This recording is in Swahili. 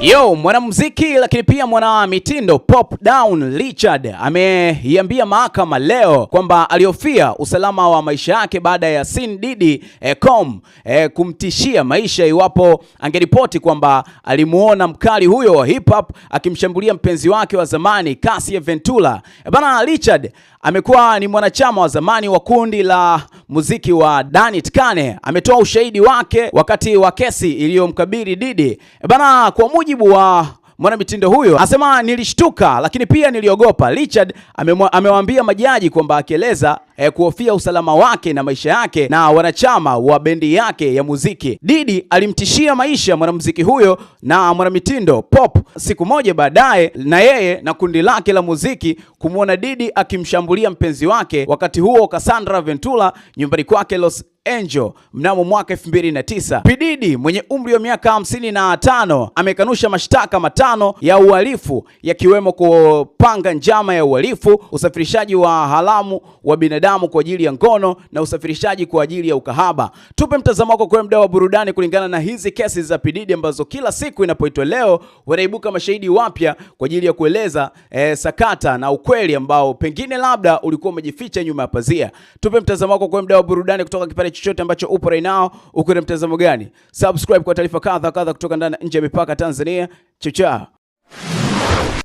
Yo, mwanamuziki lakini pia mwana mitindo Pop Down Richard ameiambia mahakama leo kwamba alihofia usalama wa maisha yake baada ya Sin Didi eh, com eh, kumtishia maisha iwapo angeripoti kwamba alimuona mkali huyo wa hip hop akimshambulia mpenzi wake wa zamani Cassie Ventura. E bana Richard amekuwa ni mwanachama wa zamani wa kundi la muziki wa Dani Tkane. Ametoa ushahidi wake wakati wa kesi iliyomkabili Didi. E eh, bana kwa mujibu mujibu wa mwanamitindo huyo asema, nilishtuka lakini pia niliogopa. Richard amewaambia majaji kwamba akieleza eh, kuhofia usalama wake na maisha yake na wanachama wa bendi yake ya muziki. Didi alimtishia maisha mwanamuziki huyo na mwanamitindo Pop siku moja baadaye, na yeye na kundi lake la muziki kumwona Didi akimshambulia mpenzi wake, wakati huo Cassandra Ventura nyumbani kwake Los Angel mnamo mwaka 2009. pididi mwenye umri wa miaka 55 amekanusha mashtaka matano ya uhalifu yakiwemo kupanga njama ya uhalifu, usafirishaji wa haramu wa binadamu kwa ajili ya ngono na usafirishaji kwa ajili ya ukahaba. Tupe mtazamo wako kwa mda wa burudani kulingana na hizi kesi za pididi ambazo kila siku inapoitwa leo wanaibuka mashahidi wapya kwa ajili ya kueleza eh, sakata na ukweli ambao pengine labda ulikuwa umejificha nyuma ya pazia. Tupe mtazamo wako kwa mdau wa burudani kutoka kipande chochote ambacho upo right now, uko na mtazamo gani? Subscribe kwa taarifa kadha kadha kutoka ndani na nje ya mipaka Tanzania. Chao chao.